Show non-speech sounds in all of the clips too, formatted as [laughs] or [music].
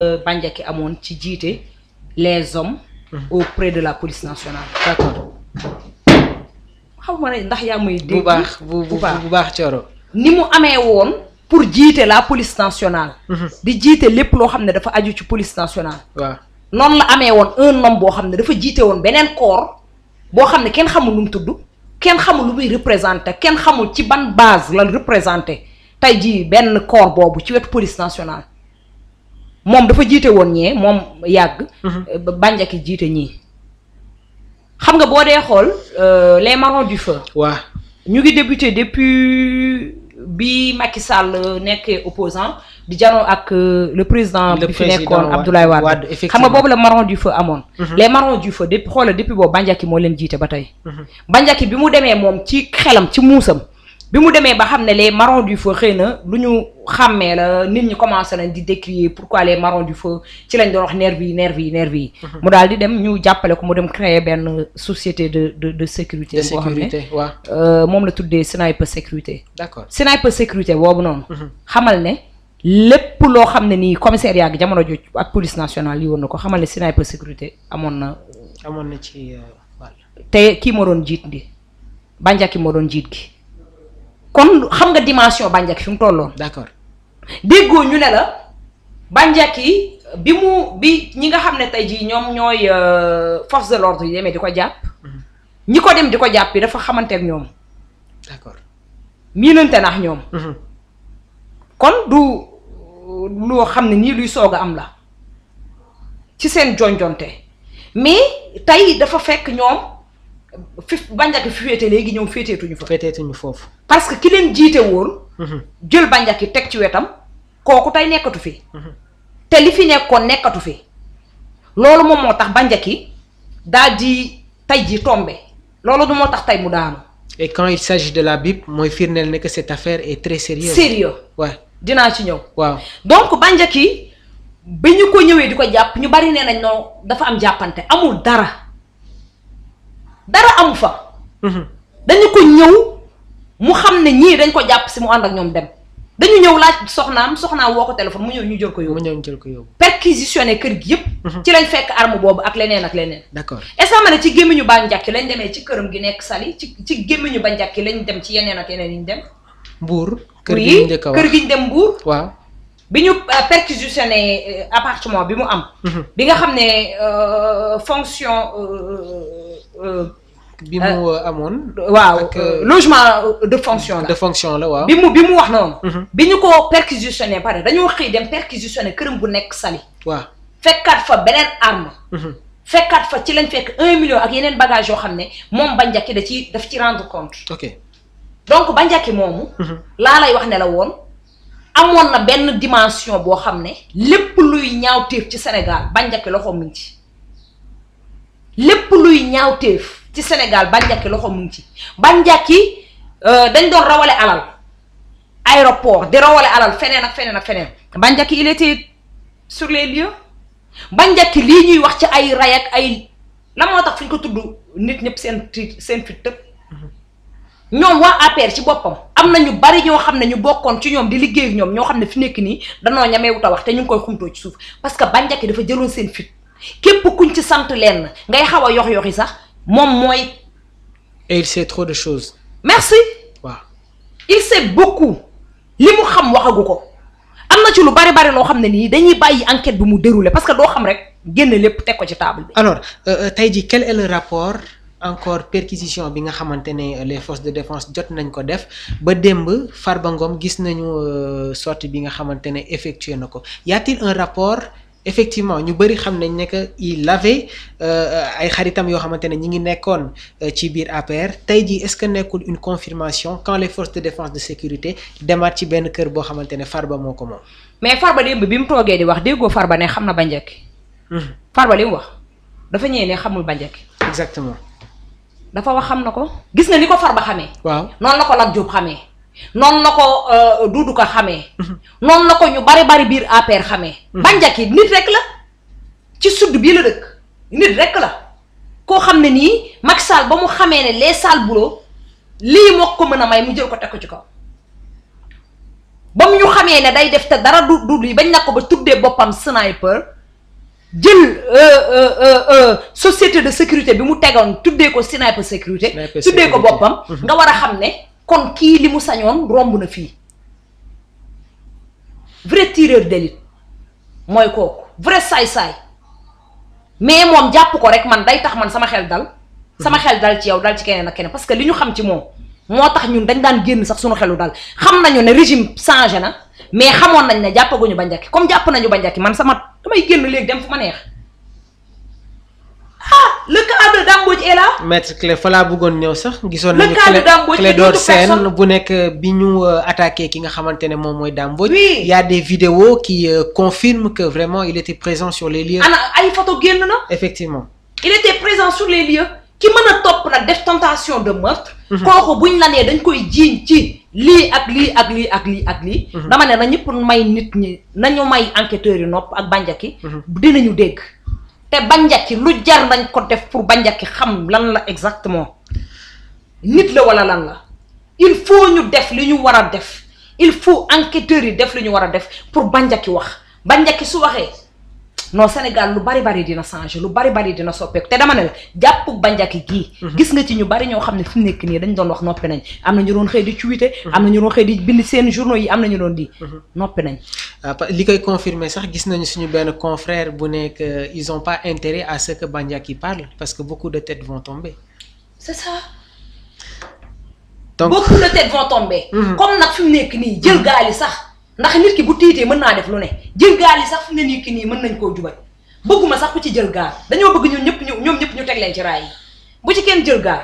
Bandiaky amoon ci jiite les hommes mhm. près de la police nationale d'accord xaw ma ne ndax yaa may dégg bu baax bu baax Thioro ni mu amee woon pour jiite la police nationale mhm. di jiite lépp loo xam ne dafa aju ci police noonu la amee woon un homme boo xam ne dafa jiite woon beneen corps boo xam ne kenn xamul lu tudd kenn xamul lu muy représenté kenn xamul ci ban base la représenté tey jii benn corps boobu ci wetu police nationale moom dafa jiite woon ñee moom yàgg. Mhm. Eh, bànjaki jiite ñii. xam nga boo dee xool euh, les marrons du feu. ñu ngi débuté depuis bi Macky Sall nekkee opposant di janoo ak euh, le président. bi fi nekkoon Abdoulaye Wade xam nga boobu la marron du feu amoon. Mhm. les marrons du feu depuis xoolal depuis boobu bànjaki moo leen jiite ba tey. Mhm. bànjaki bi mu demee moom ci xelam ci muusam. bi mu demee ba xam ne les marrons du feu xëy na lu ñu xàmmee la nit ñi commencé nañ di décrier pourquoi les marrons du feu ci lañ doon wax nervi yi nervi yi nervi yi mhm. mu daal di dem ñu jàppale ko mu dem créer benn société de de de sécurité boo xam ne euh, moom la tuddee sniper sécurité d'accord sniper sécurité boobu noonu mhm. xamal ne lépp loo xam ne nii commissariat gi jamono jooju ak police nationale yi woon na ko xamal ne sniper sécurité amoon na amoon na ci euh, wàll te kii moo doon jiit gi Bandiaky moo doon jiit gi kon xam nga dimension Bandiaky fi mu tolloon. d'accord déggoo ñu ne la Bandiaky bi mu bi ñi nga xam ne tey jii ñoom ñooy euh, force de l'ordre yi demee di ko jàpp. Mhm. ñi ko dem di ko jàpp bi dafa xamante ak ñoom. d'accord miinante na ak ñoom. Mhm. kon du loo xam ne nii luy soog a am la ci seen jonjonte mais tey dafa fekk ñoom. fi féete léegi ñoom féeteetuñu fa. féeteetuñu foofu. parce que ki leen jiite woon. Mhm. jël Bandiaky teg ci wetam kooku tey nekkatu fi. Mhm. te li fi nekkoon nekkatu fi loolu moom moo tax Bandiaky daal di tey ji tombe loolu du moo tax tey mu daanu. et quand il s'agit de la BIP mooy firndeel ne que cette affaire est très sérieuse. sérieux waaw dinaa ci ñëw. waaw donc Bandiaky bi ñu ko ñëwee di ko jàpp ñu bari nee nañ non dafa am jàppante amul dara. dara amu fa. Mhm. dañu ko ñëw mu xam ne ñii dañ ko jàpp si mu ànd ak ñoom dem dañu ñëw laaj soxnaam soxnaam woo ko téléphone mu ñëw ñu jël ko yóbbu. mu ñëw jël ko yóbbu. perquisitionné kër gi yëpp. Mhm. ci lañ fekk arme boobu ak leneen ak leneen. d'accord est-ce que ma ne ci gémmiñu baa njàkki lañ demee ci këram gi nekk Saly ci ci gémmiñu ba njàkki lañ dem ci yeneen ak yeneen ñu dem. Mbour kër gi ñu njëkk a wax dem Mbour. waaw bi ñu euh, perquisitionné euh, appartement bi mu am. Mhm. bi nga xam ne euh, fonction. Euh, euh, bi mu amoon. waaw euh, logement de fonction la. de fonction la waaw. bi mu bi mu wax noonu. Mhm. bi ñu ko perquisitionné pare dañoo xëy dem perquisitionné këram gu nekk Saly. waaw fekkaat fa beneen arme. Mhm. fekkaat fa ci lañ fekk un million ak yeneen bagage yoo xam ne moom Bandiaky da ci daf ci rendre compte. ok donc Bandiaky moomu. Mhm. laa lay wax ne la woon. amoon na benn dimension boo xam ne. lépp luy ñaawteef ci Sénégal Bandiaky loxoom loxo ngi ci. lépp luy ñaawteef ci Sénégal Bah Ndiacky loxo mu ngi ci Bah euh, Ndiacky dañ doon rawale alal aéroport di rawale alal feneen ak feneen ak feneen Bah Ndiacky il était sur les lieux Bah Ndiacky ñuy wax ci ay ray ay la moo tax fu ñu ko tudd nit ñëpp seen seen fit tëb ñoom waa APR ci boppam am na ñu bari ñoo xam ne ñu bokkoon ci ñoom di liggéey ñoom ñoo xam ne fu nekk nii danoo ñamee wut wax te ñu ngi koy xumtoo ci suuf parce que banjakki dafa jëloon seen fit képp kuñ ci sant leen na ngay xaw a yox yoxi sax moom mooy. et il sait trop de chose merci. waaw il sait beaucoup li mu xam waxagu ko am na ci lu bari bari loo xam ne nii dañuy bàyyi enquête bi mu dérouler parce que doo xam rek génne lépp teg ko ci table bi. alors euh, euh, tey jii quel est le rapport. encore perquisition bi nga xamante ne euh, les forces de défense jot nañ ko def ba démb Farba Ngom gis nañu sortie bi nga xamante ne effectué na ko y un rapport effectivement ñu bëri xam nañ ne que il avait euh, ay xaritam yoo xamante ne ñi ngi nekkoon euh, ci biir APR tey jii est-ce que nekkul une confirmation quand les forces de défense de sécurité demaat ci benn kër boo xamante ne Farba moo ko moom. mais Farba démb bi mu toogee di wax déggoo Farba ne xam na ba njëkk. Hmm. Farba li mu wax dafa ñëwee ne xamul ba njëkk. exactement. dafa wax xam na ko. gis nga ni ko Farba xamee. waaw noonu la ko Lat Diop xamee. noonu na ko euh, Doudou Ka xamee. Mhm. noonu la ko ñu bari bari biir APR xamee. Mhm. Bandiaky nit rek la ci sud bii la dëkk nit rek la koo xam ne nii Macky Sall ba mu xamee ne les sales boulot lii moo ko mën a may mu jël ko te ko ci ko ba mu ñu xamee ne day def te dara du du yi bañ na ko ba tuddee boppam sniper jël euh, euh, société de sécurité bi mu tegoon tuddee ko sniper sécurité. tuddee ko boppam. Mhm. nga war a xam ne. kon kii li mu sañoon romb na fii vrai tireur d'élite mooy kooku vrai saay-saay mais moom jàpp ko rek man day tax man sama xel dal sama xel dal ci yow dal ci keneen ak keneen parce que li ñu xam ci moom moo tax ñun dañ daan génn sax suñu xelu dal xam nañu ne régime changé na mais xamoon nañ ne jàppaguñu ba ki comme jàpp nañu ba ki man sama damay génn léegi dem fu ma neex est là. maître fa laa bëggoon ñëw sax gisoon nañu. clé clé d'or seen bu nekk bi ñu euh, attaqué ki nga xamante ne moom mooy Dame Mbodj. oui y a des vidéos qui euh, confirment que vraiment il était présent sur les lieux. ana ay photo génn na. effectivement. il était présent sur les lieux. ki mën a topp nag def tentation de meurtre. Mhm. kooku buñ la nee dañ koy jiiñ ci lii ak lii ak lii ak lii ak lii. Mhm. dama ne na ñëpp may nit ñi nañu may enquêteurs yu nopp ak bànjaki mhm. dinañu dégg. te ki lu jar nañ ko def pour Bandiaky xam lan la exactement nit la wala lan la il faut ñu def li ñu war a def il faut enquêteurs yi def li ñu war a def pour banja ki wax Bandiaky su waxee non Sénégal lu bari bari dina changé lu bari bari dina soppeeku te dama ne la jàpp banjaki gii mhm. gis nga ci ñu bari ñoo xam ne fi mu nekk nii dañ doon wax noppi nañ am na ñu doon xëy di cuite am na ñu doon xëy di bind seen journaux yi am na ñu doon di mhm. noppi nañ ah, li koy confirmer sax gis nañu suñu benn confrère bu nekk euh, ils ont pas intérêt à ce que banjaki parle parce que beaucoup de têtes vont tomber c'est ça beaucoup de têtes vont tomber mhm. comme nag fi mu nekk nii jël gaali sax ndax nit ki bu tiitee mën naa def lu ne jël gaal yi sax fi ne ki nii mën nañ koo jubal bëgguma sax ku ci jël gaal dañoo bëgg ñun ñëpp ñu ñoom ñëpp ñu teg leen ci raay yi bu ci kenn jël gaal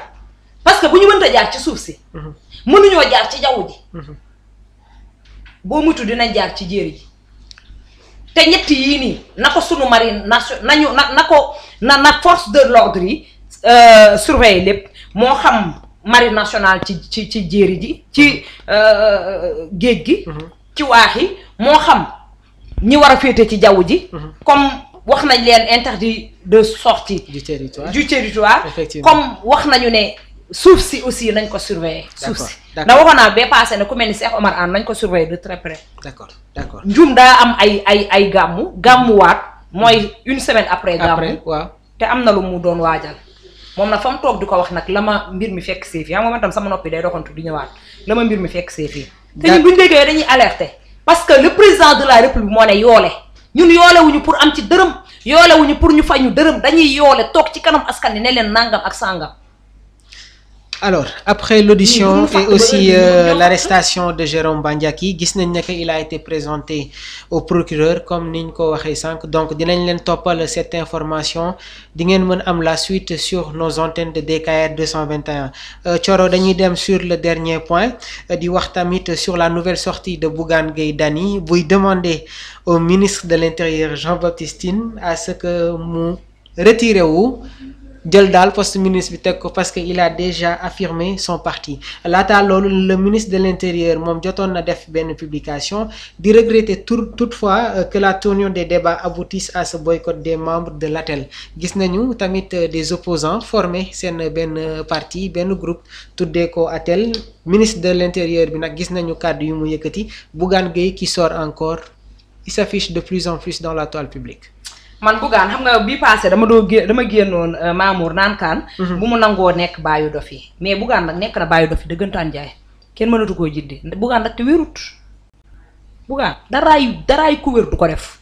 parce que bu ñu mënta jaar ci suuf si mhm. mënuñoo jaar ci jaww ji mhm. boo mutu dinañ jaar ci jéer ji te ñetti yii nii na ko sunu marine nañu na na ko na na force de l'ordre yi euh, surveiller lépp moo xam mari national ci ci ci jéeri ji ci euh, géej gi mhm. ci waax yi moo xam ñi war a féete ci jaww ji. Mhm. comme wax nañ leen interdit de sortie du territoire du territoire comme wax nañu ne suuf si aussi nañ ko surveiller. suuf si ndax waxoon naa bee paase ne ku mel ni Cheikh Omar Anne nañ ko surveiller de très près. d' accord njum daa am ay ay ay gàmmu gàmmuwaat mooy une semaine après. gàmmu te am na lu mu doon waajal. moom na fa mu toog di ko wax nag la ma mbir mi fekk see fii xam nga man sama noppi day doxantu di ñëwaat la ma mbir mi fekk see fii te ñun bu ñu da dañuy alerte parce que le président de la république moo ne yoole ñun yoolewuñu pour am ci dërëm yoolewuñu pour ñu fa ñu dërëm dañuy yoole toog ci kanam askan ne leen nangam ak sàngam alors après l'audition et aussi euh, l'arrestation de Jérôme Bandiaki gis nañ ne que il a été présenté au procureur comme ni ñu ko waxee sànq donc dinañ leen toppal cette information di ngeen mën am la suite sur nos antennes de DKR 221 euh, Thioro dañuy dem sur le dernier point euh, di wax tamit sur la nouvelle sortie de Bougane Gueye Dany buy demander au ministre de l'Intérieur Jean-Baptiste Tine à ce que mu retiré wu jël daal poste ministre bi teg ko parce que il a déjà affirmé son parti laataa loolu le ministre de l'intérieur moom jotoon na def benn publication di regretter tout toutefois euh, que la tournure des débats aboutisse à ce boycott des membres de l'ATEL gis nañu tamit euh, des opposants formés seen benn parti benn groupe de ko ATEL ministre de l'intérieur bi nag gis nañu kàddu yu mu yëkkati Bougane Gueye qui sort encore il s'affiche de plus en plus dans la toile publique man Bougane xam nga bi passé dama doo gé dama génnoon euh, Mamour naan mhm. bu mu nangoo nekk baayu dof yi mais Bougane nag nekk na baayu dof yi dëggantaan jaay kenn mënatu koo jiddi Bougane nag te wérut Bougane daraayu daraayu ku wér du ko def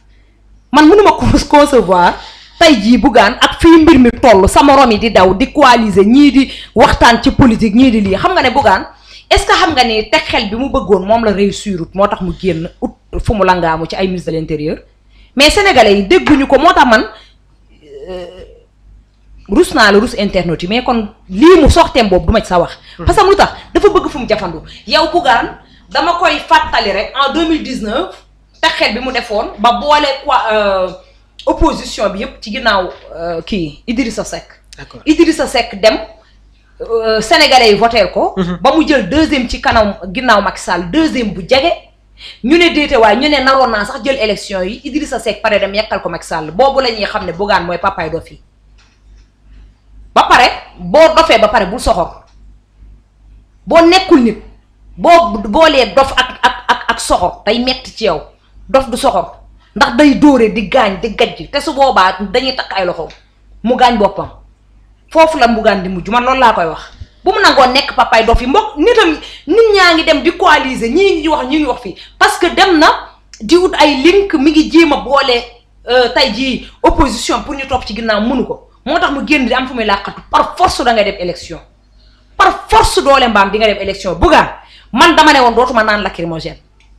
man mënuma ko [laughs] concevoir tey jii Bougane ak fii mbir mi toll sa morom yi di daw di coaliser ñii di waxtaan ci politique ñii di lii xam nga ne Bougane est-ce que xam nga ni teg xel bi mu bëggoon moom la réussir moo tax mu génn ut fu mu langaamu ci ay ministre de mais sénégalais yi dégguñu ko moo tax man euh, rus naa la rus internet yi mais kon lii mu soxteem boobu du ma sa wax. Hmm. parce mu tax dafa bëgg fu mu jafandu yow Bougane dama koy fàttali rek en 2019 taxel bi mu defoon ba boole quoi euh, opposition bi yëpp ci ginnaaw euh, kii Idrissa Seck. d'accord Idrissa sekk dem. sénégalais yi voté ko. Hmm. ba mu jël deuxième ci kanam ginnaaw Macky Sall deuxième bu jege. ñu ne déete waaye ñu ne naroon naa sax jël élection yi Idrissa Seck pare dem yekkal ko Macky Sall boobu la ñuy xam ne Bougane mooy papaay dof yi ba pare boo dofee ba pare bul soxor boo nekkul nit boo boolee dof ak ak ak ak soxor day metti ci yow dof du soxor ndax day dóore di gaañ di gajj te su boobaa dañuy takk ay loxo mu gaañ boppam foofu la Bougane di mujj man loolu laa koy wax bu mu nangoo nekk papaay dof yi mbokk nitam nit ñaa ngi dem di coaliser ñii ngi wax ñii ngi wax fii parce que dem na di wut ay link mi ngi jéem a boole euh, tey jii opposition pour ñu topp ci ginna mënu ko moo tax mu génn di am fu muy làqatu par force da ngay dem élection par force doole mbaam di nga dem élection buggaan man dama ne woon dootuma naan lacrymogène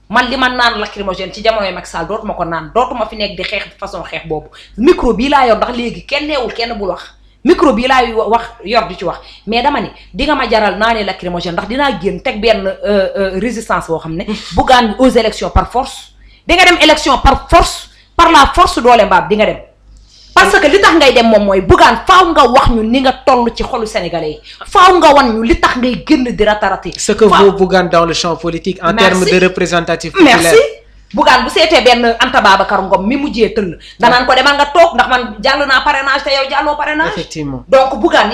man li ma naan lacrymogène ci jamonoy Macky Sall dootuma ko naan dootuma fi nekk di xeex façon xeex boobu micro bii laa yor léegi kenn neewul kenn bul wax micro bi laay wax yor di ci wax mais dama ne di ma jaral naa la lacrymogène ndax dinaa génn teg benn euh, euh, résistance boo xam ne. Bougane [laughs] aux élections par force. di nga dem élection par force par la force doole mbaam di nga dem. parce que li tax ngay dem moom mooy Bougane faaw nga wax ñu ni nga toll ci xolu sénégal yi faaw nga wan ñu li tax ngay génn di ratarati. ce que vaut Bougane dans le champ politique. en termes de représentatif populaire bugaan bu seetee benn Anta Babacar Ngom mi mujjee tëll danaan ko demal nga toog ndax man jàll naa parrainage te yow jàlloo parrainage effectivement donc bugaan